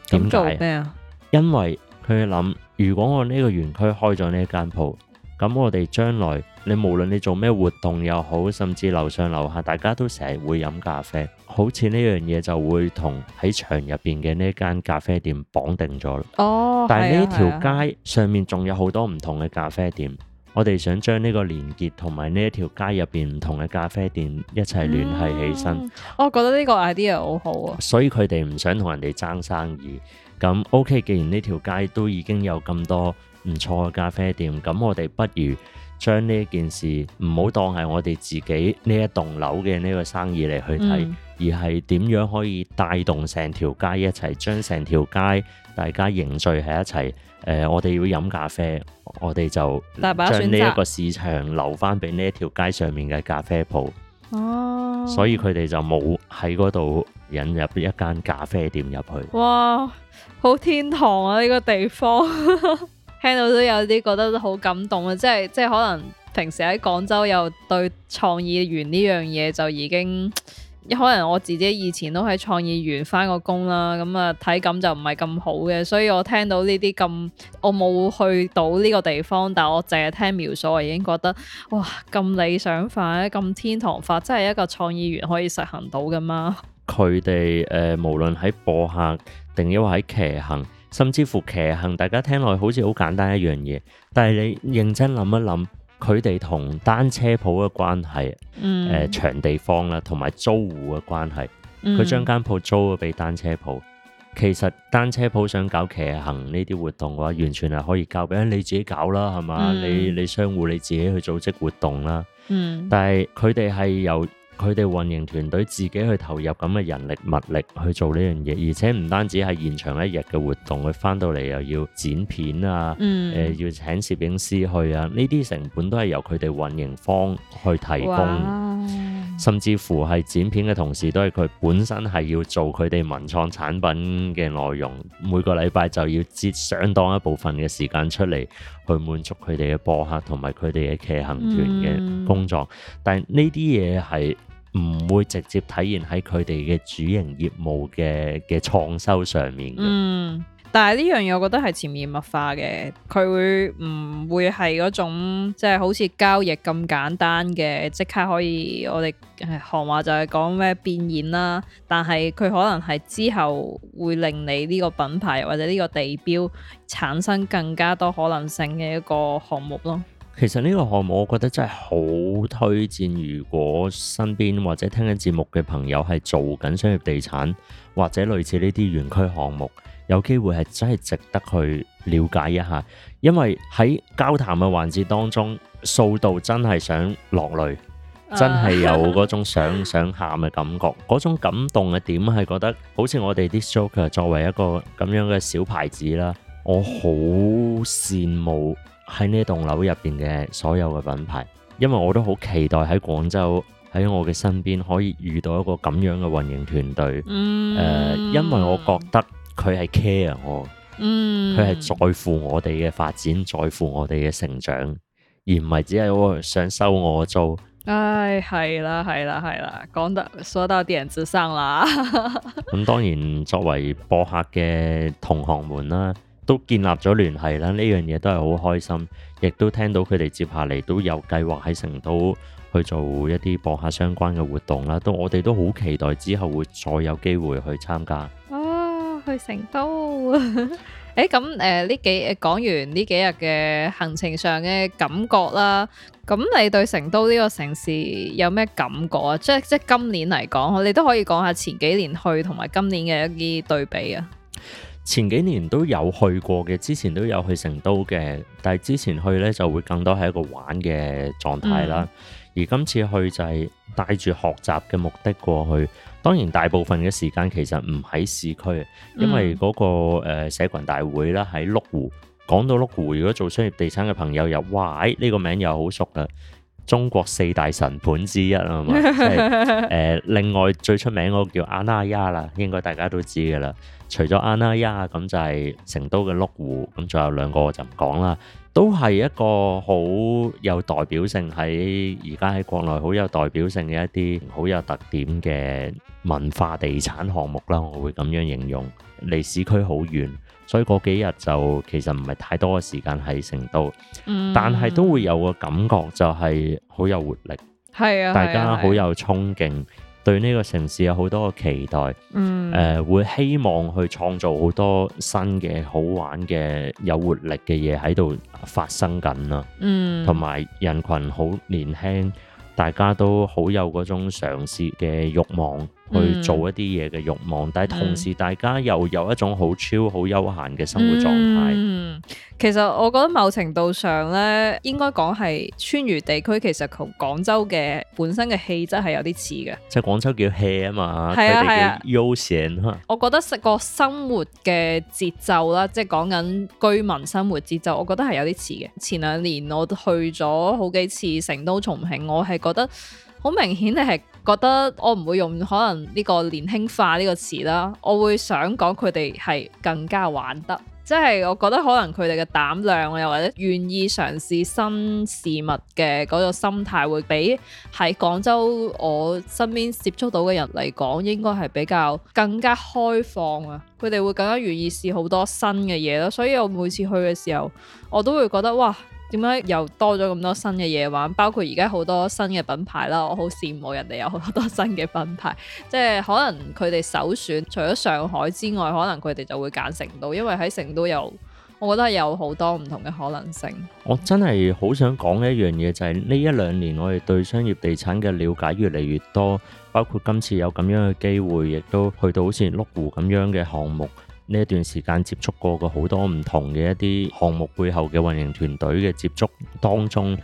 點解？咩啊？因為佢諗，如果我呢個園區開咗呢一間鋪，咁我哋將來你無論你做咩活動又好，甚至樓上樓下，大家都成日會飲咖啡，好似呢樣嘢就會同喺場入邊嘅呢間咖啡店綁定咗。哦，但係呢條街上面仲有好多唔同嘅咖啡店。哦。我哋想將呢個連結同埋呢一條街入邊唔同嘅咖啡店一齊聯繫起身，嗯，我覺得呢個 idea 好好啊。所以佢哋唔想同人哋爭生意。咁 OK，既然呢條街都已經有咁多唔錯嘅咖啡店，咁我哋不如將呢一件事唔好當係我哋自己呢一棟樓嘅呢個生意嚟去睇。嗯。而係點樣可以帶動成條街一齊，將成條街大家凝聚喺一齊？誒、呃，我哋要飲咖啡，我哋就將呢一個市場留翻俾呢一條街上面嘅咖啡鋪。哦，所以佢哋就冇喺嗰度引入一間咖啡店入去。哇！好天堂啊！呢、呢個地方 聽到都有啲覺得好感動啊！即係即係可能平時喺廣州又對創意園呢樣嘢就已經。一可能我自己以前都喺創意園返過工啦，咁啊體感就唔係咁好嘅，所以我聽到呢啲咁，我冇去到呢個地方，但我淨係聽描述，我已經覺得哇咁理想化，咁天堂化，真係一個創意園可以實行到嘅嗎？佢哋誒無論喺播客定抑或喺騎行，甚至乎騎行，大家聽落好似好簡單一樣嘢，但係你認真諗一諗。佢哋同單車鋪嘅關係，誒場、嗯呃、地方啦，同埋租戶嘅關係，佢將間鋪租咗俾單車鋪。其實單車鋪想搞騎行呢啲活動嘅話，完全係可以交俾你自己搞啦，係嘛，嗯？你你商戶你自己去組織活動啦。嗯，但係佢哋係由。佢哋運營團隊自己去投入咁嘅人力物力去做呢樣嘢，而且唔單止係現場一日嘅活動，佢翻到嚟又要剪片啊，誒、嗯呃、要請攝影師去啊，呢啲成本都係由佢哋運營方去提供。甚至乎係剪片嘅同時，都係佢本身係要做佢哋文創產品嘅內容。每個禮拜就要節相當一部分嘅時間出嚟，去滿足佢哋嘅播客同埋佢哋嘅騎行團嘅工作。嗯、但係呢啲嘢係唔會直接體現喺佢哋嘅主營業務嘅嘅創收上面嘅。嗯。但係呢樣嘢，我覺得係潛移默化嘅。佢會唔會係嗰種即係、就是、好似交易咁簡單嘅，即刻可以我哋行話就係講咩變現啦？但係佢可能係之後會令你呢個品牌或者呢個地標產生更加多可能性嘅一個項目咯。其實呢個項目，我覺得真係好推薦。如果身邊或者聽緊節目嘅朋友係做緊商業地產或者類似呢啲園區項目。有機會係真係值得去了解一下，因為喺交談嘅環節當中，數度真係想落淚，uh, 真係有嗰種想 想喊嘅感覺。嗰種感動嘅點係覺得，好似我哋 DISC JOKER 作為一個咁樣嘅小牌子啦，我好羨慕喺呢棟樓入邊嘅所有嘅品牌，因為我都好期待喺廣州喺我嘅身邊可以遇到一個咁樣嘅運營團隊。誒、mm hmm. 呃，因為我覺得。佢係 care 我，佢係在乎我哋嘅發展，嗯、在乎我哋嘅成長，而唔係只係想收我租。唉、哎，係啦，係啦，係啦，講得說到點子上了。咁、 嗯、當然，作為播客嘅同行們啦，都建立咗聯繫啦，呢樣嘢都係好開心，亦都聽到佢哋接下嚟，都有計劃喺成都去做一啲播客相關嘅活動啦，都我哋都好期待之後會再有機會去參加。去成都，誒，咁誒呢幾誒講完呢幾日嘅行程上嘅感覺啦，咁你對成都呢個城市有咩感覺啊？即係即係今年嚟講你都可以講下前幾年去同埋今年嘅一啲對比啊。前幾年都有去過嘅，之前都有去成都嘅，但係之前去呢就會更多係一個玩嘅狀態啦。而今次去就係帶住學習嘅目的過去，當然大部分嘅時間其實唔喺市區，因為嗰個社群大會啦喺麓湖。講到麓湖，如果做商業地產嘅朋友又哇呢個名又好熟啊！中國四大神盤之一啊嘛，即、 就係呃、另外最出名嗰個叫阿那亞啦，ya，應該大家都知㗎啦。除咗阿那亞咁就係成都嘅麓湖，咁仲有兩個我就唔講啦。都係一個好有代表性，喺而家喺國內好有代表性嘅一啲好有特點嘅文化地產項目啦，我會咁樣形容。離市區好遠，所以嗰幾日就其實唔係太多嘅時間喺成都，嗯、但係都會有個感覺就係好有活力，嗯、大家好有衝勁。對呢個城市有好多嘅期待，誒、嗯呃、會希望去創造好多新嘅好玩嘅有活力嘅嘢喺度發生緊。同埋人群好年輕，大家都好有嗰種嘗試嘅慾望。去做一啲嘢嘅欲望，但係同時大家又有一種好 chill、好悠閒嘅生活狀態。嗯，其實我覺得某程度上咧，應該講係川渝地區其實同廣州嘅本身嘅氣質係有啲似嘅。即係廣州叫 hea 啊嘛，係啊係啊，悠閒，我覺得食個生活嘅節奏啦，即係講緊居民生活節奏，我覺得係有啲似嘅。前兩年我去咗好幾次成都、重慶，我係覺得好明顯，你係。覺得我唔會用可能呢個年輕化呢個詞啦，我會想講佢哋係更加玩得，即係我覺得可能佢哋嘅膽量又或者願意嘗試新事物嘅嗰個心態，會比喺廣州我身邊接觸到嘅人嚟講，應該係比較更加開放呀。佢哋會更加願意試好多新嘅嘢囉，所以我每次去嘅時候，我都會覺得哇～點解又多咗咁多新嘅嘢玩？包括而家好多新嘅品牌啦，我好羨慕人哋有好多新嘅品牌。即係可能佢哋首選除咗上海之外，可能佢哋就會揀成都，因為喺成都有，我覺得有好多唔同嘅可能性。我真係好想講一樣嘢，就係呢一兩年我哋對商業地產嘅了解越嚟越多，包括今次有咁樣嘅機會，亦都去到好似麓湖咁樣嘅項目。呢一段時間接觸過嘅好多唔同嘅一啲項目背後嘅運營團隊嘅接觸當中，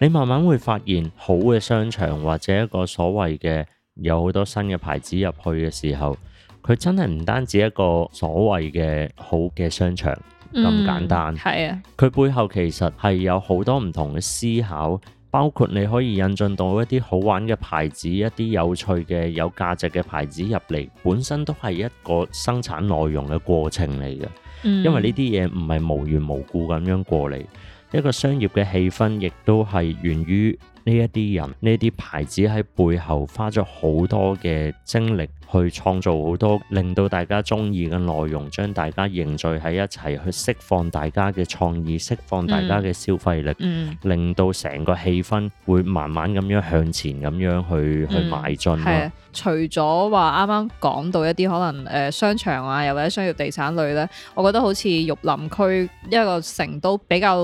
你慢慢會發現好嘅商場或者一個所謂嘅有好多新嘅牌子入去嘅時候，佢真係唔單止一個所謂嘅好嘅商場咁簡單，嗯，係啊，佢背後其實係有好多唔同嘅思考。包括你可以引進到一啲好玩嘅牌子，一啲有趣嘅有價值嘅牌子入嚟，本身都係一個生產內容嘅過程嚟嘅。嗯，因為呢啲嘢唔係無緣無故咁樣過嚟，一個商業嘅氣氛亦都係源於呢一啲人、呢啲牌子喺背後花咗好多嘅精力。去創造好多令到大家中意嘅內容，將大家凝聚喺一齊去釋放大家嘅創意，釋放大家嘅消費力，嗯嗯、令到成個氣氛會慢慢咁樣向前咁樣去、嗯、去邁進。係啊、除咗話啱啱講到一啲可能誒、呃、商場啊，又或者商業地產類咧，我覺得好似玉林區一個成都比較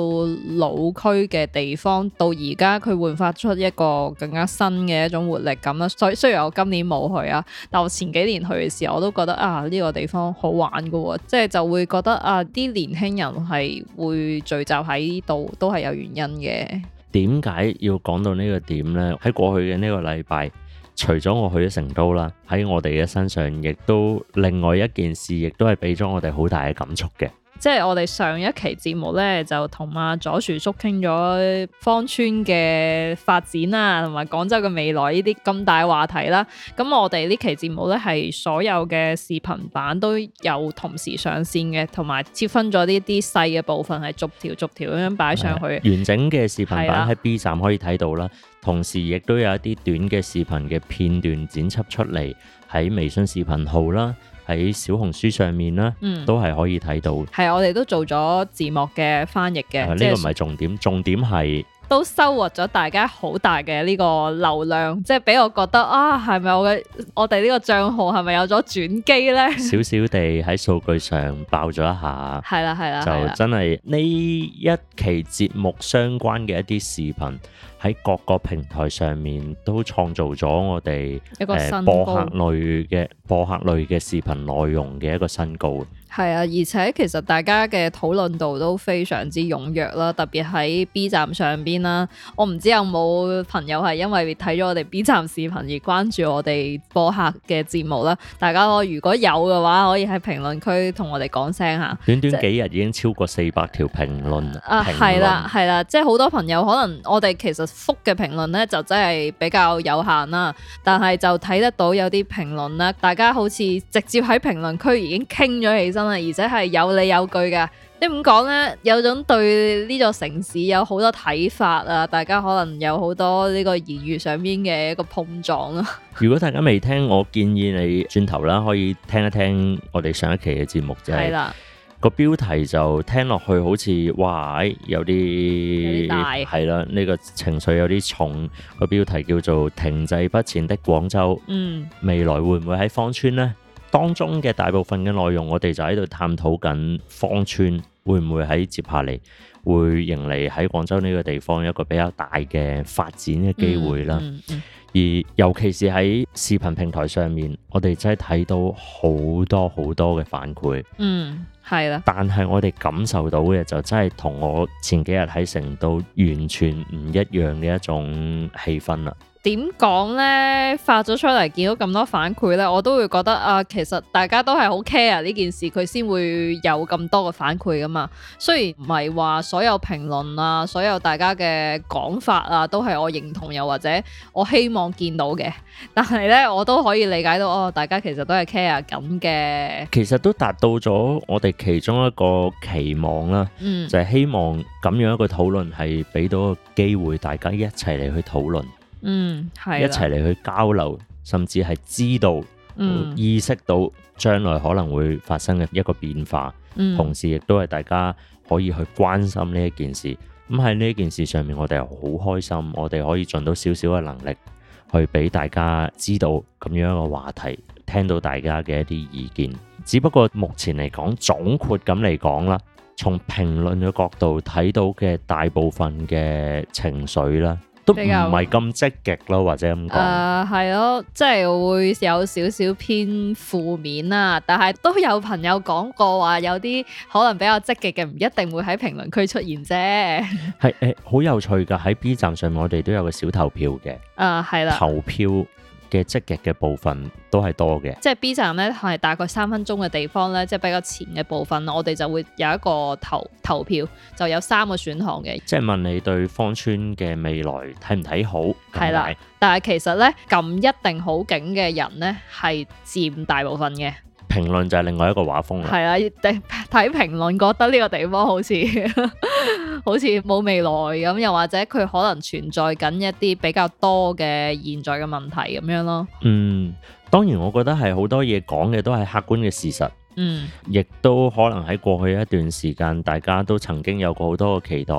老區嘅地方，到而家佢煥發出一個更加新嘅一種活力咁啦。所以雖然我今年冇去啊，但我，前幾年去嘅時候，我都覺得啊，呢個地方好玩㗎喎，即係就會覺得啊，啲年輕人係會聚集喺呢度，都係有原因嘅。點解要講到呢個點呢？喺過去嘅呢個禮拜，除咗我去咗成都啦，喺我哋嘅身上，亦都另外一件事，亦都係俾咗我哋好大嘅感觸嘅。即係我哋上一期節目咧，就同阿左樹叔傾咗芳村嘅發展啊，同埋廣州嘅未來呢啲咁大話題啦。咁我哋呢期節目咧，係所有嘅視頻版都有同時上線嘅，同埋切分咗呢啲細嘅部分，係逐條逐條咁樣擺上去。完整嘅視頻版喺 B 站可以睇到啦，的同時亦都有一啲短嘅視頻嘅片段剪輯出嚟，喺微信視頻號啦。喺小紅書上面咧，嗯、都係可以睇到嘅。係，我哋都做咗字幕嘅翻譯嘅。呢、呃呢個唔係重點，是重點係。都收穫咗大家好大嘅呢個流量，即係俾我覺得啊，係咪我嘅我哋呢個帳號係咪有咗轉機呢？少少地喺數據上爆咗一下。係啦係啦，就真係呢一期節目相關嘅一啲視頻喺各個平台上面都創造咗我哋誒播客類嘅播客類嘅視頻內容嘅一個新高。呃係啊，而且其實大家嘅討論度都非常之踴躍啦，特別喺 B 站上邊啦。我唔知有冇朋友係因為睇咗我哋 B 站視頻而關注我哋播客嘅節目啦。大家如果有嘅話，可以喺評論區同我哋講聲吓。短短幾日已經超過四百條評論就啊！係啦論，係啦、啊，即係好多朋友可能我哋其實覆嘅評論咧就真係比較有限啦，但係就睇得到有啲評論啦。大家好似直接喺評論區已經傾咗起身。真係，而且係有理有據㗎。你咁講呢，有種對呢座城市有好多睇法啊！大家可能有好多呢個言語上面嘅一個碰撞啊。如果大家未聽，我建議你轉頭啦，可以聽一聽我哋上一期嘅節目。就係啦，個標題就聽落去好似哇，有啲大，係啦，呢個情緒有啲重。個標題叫做《停滯不前的廣州》，嗯，未來會唔會喺芳村呢？當中嘅大部分嘅內容，我哋就喺度探討緊，芳村會唔會喺接下嚟會迎嚟喺廣州呢個地方一個比較大嘅發展嘅機會啦。嗯嗯嗯、而尤其是喺視頻平台上面，我哋真係睇到好多好多嘅反饋。嗯，係啦。但係我哋感受到嘅就真係同我前幾日喺成都完全唔一樣嘅一種氣氛啦。點講呢？發咗出嚟見到咁多反饋呢，我都會覺得啊、呃，其實大家都係好 care 呢件事，佢先會有咁多嘅反饋噶嘛。雖然唔係話所有評論啊，所有大家嘅講法啊，都係我認同又或者我希望見到嘅，但係呢，我都可以理解到哦，大家其實都係 care 咁嘅。其實都達到咗我哋其中一個期望啦，嗯、就係希望咁樣一個討論係俾到個機會，大家一齊嚟去討論。嗯，一齊嚟去交流，甚至係知道、嗯、意識到將來可能會發生嘅一個變化。嗯、同時亦都係大家可以去關心呢一件事。咁喺呢件事上面，我哋好開心，我哋可以盡到少少嘅能力，去俾大家知道咁樣一個話題，聽到大家嘅一啲意見。只不過目前嚟講，總括咁嚟講啦，從評論嘅角度睇到嘅大部分嘅情緒啦，都唔係咁積極咯，或者咁講。誒、呃，係咯，即係會有少少偏負面啦！但係都有朋友講過話，有啲可能比較積極嘅，唔一定會喺評論區出現啫。係誒，好有趣噶！喺 B 站上，我哋都有個小投票嘅。誒、呃，係啦。投票。嘅積極嘅部分都係多嘅，即係 B 站咧係大概三分鐘嘅地方咧，即係比較前嘅部分，我哋就會有一個投投票，就有三個選項嘅，即係問你對芳村嘅未來睇唔睇好？係啦，但係其實咧，咁一定好景嘅人咧係佔大部分嘅。評論就係另外一個畫風啦。係啦，睇評論覺得呢個地方好似 好似冇未來咁，又或者佢可能存在緊一啲比較多嘅現在嘅問題咁樣咯。嗯，當然我覺得係好多嘢講嘅都係客觀嘅事實。嗯，亦都可能喺過去一段時間，大家都曾經有過好多嘅期待。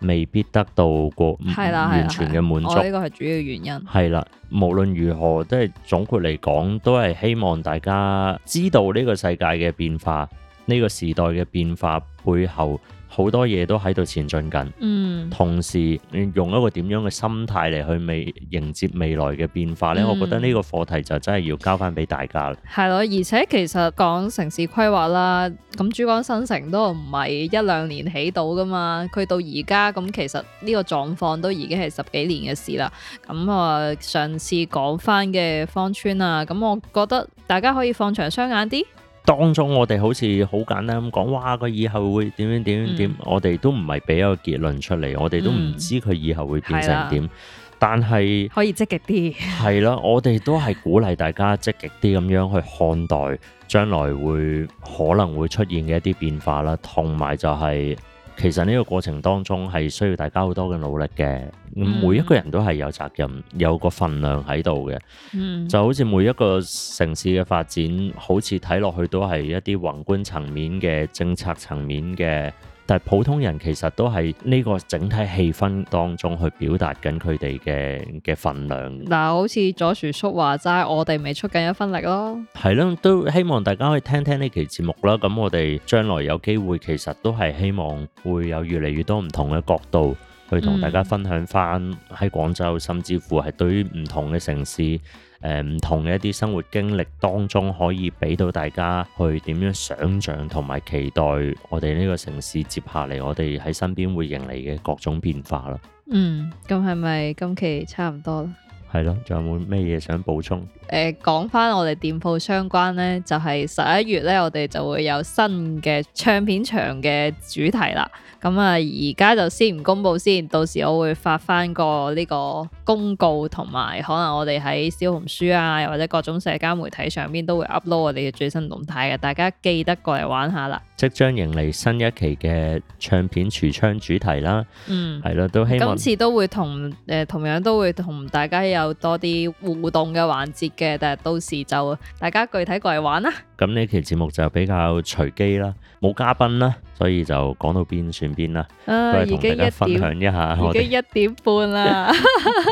未必得到過的完全嘅滿足，呢個係主要原因。係啦，無論如何，即係總括嚟講，都係希望大家知道呢個世界嘅變化，呢、呢個時代嘅變化背後。好多嘢都喺度前進緊，嗯、同時用一個點樣嘅心態嚟去未迎接未來嘅變化呢？嗯、我覺得呢個課題就真係要交翻俾大家啦。係咯，而且其實講城市規劃啦，咁珠江新城都唔係一兩年起到噶嘛，佢到而家咁其實呢個狀況都已經係十幾年嘅事啦。咁啊，上次講翻嘅芳村啊，咁我覺得大家可以放長雙眼啲。當中我哋好似好簡單咁講，哇！佢以後會點點點點，嗯、我哋都唔係俾一個結論出嚟，我哋都唔知佢以後會變成點。嗯、但係是可以積極啲，係 咯，我哋都係鼓勵大家積極啲咁樣去看待將來會可能會出現嘅一啲變化啦，同埋就係、是。其實呢個過程當中係需要大家好多嘅努力嘅，每一個人都係有責任，有個份量喺度嘅，就好似每一個城市嘅發展，好似睇落去都係一啲宏觀層面嘅、政策層面嘅。但普通人其實都係呢個整體氣氛當中去表達緊佢哋嘅嘅份量。嗱，好似左樹叔話齋，我哋咪出緊一分力咯。係咯，都希望大家可以聽聽呢期節目啦。咁我哋將來有機會，其實都係希望會有越嚟越多唔同嘅角度去同大家分享返喺廣州，嗯、甚至乎係對於唔同嘅城市。誒，唔同嘅一啲生活經歷當中，可以俾到大家去點樣想像同埋期待，我哋呢個城市接下嚟，我哋喺身邊會迎嚟嘅各種變化啦。嗯，咁係咪今期差唔多啦？係咯，仲有冇咩嘢想補充？誒、呃，講翻我哋店鋪相關呢，就係十一月咧，我哋就會有新嘅唱片牆嘅主題啦。咁啊，而家就先唔公佈先，到時我會發翻個呢個公告，同埋可能我哋喺小紅書啊，又或者各種社交媒體上邊都會 upload 我哋嘅最新動態嘅，大家記得過嚟玩下啦。即將迎嚟新一期嘅唱片櫥窗主題啦，嗯，係咯，都希望今次都會同誒、呃，同樣都會同大家有。有多啲互動嘅環節嘅，但係到時就大家具體過嚟玩啦。咁呢期節目就比較隨機啦，冇嘉賓啦，所以就講到邊算邊啦，都係同大家分享一下。已經一點半啦，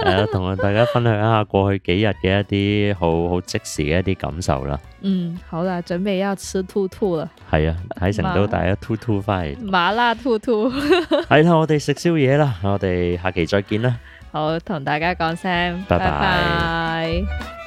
係啊，同大家分享一下過去幾日嘅一啲好好即時嘅一啲感受啦。嗯，好啦，準備要吃兔兔啦。係啊，喺成都帶一兔兔翻嚟，麻辣兔兔。係啦，我哋食宵夜啦，我哋下期再見啦。好，同大家講聲，拜拜。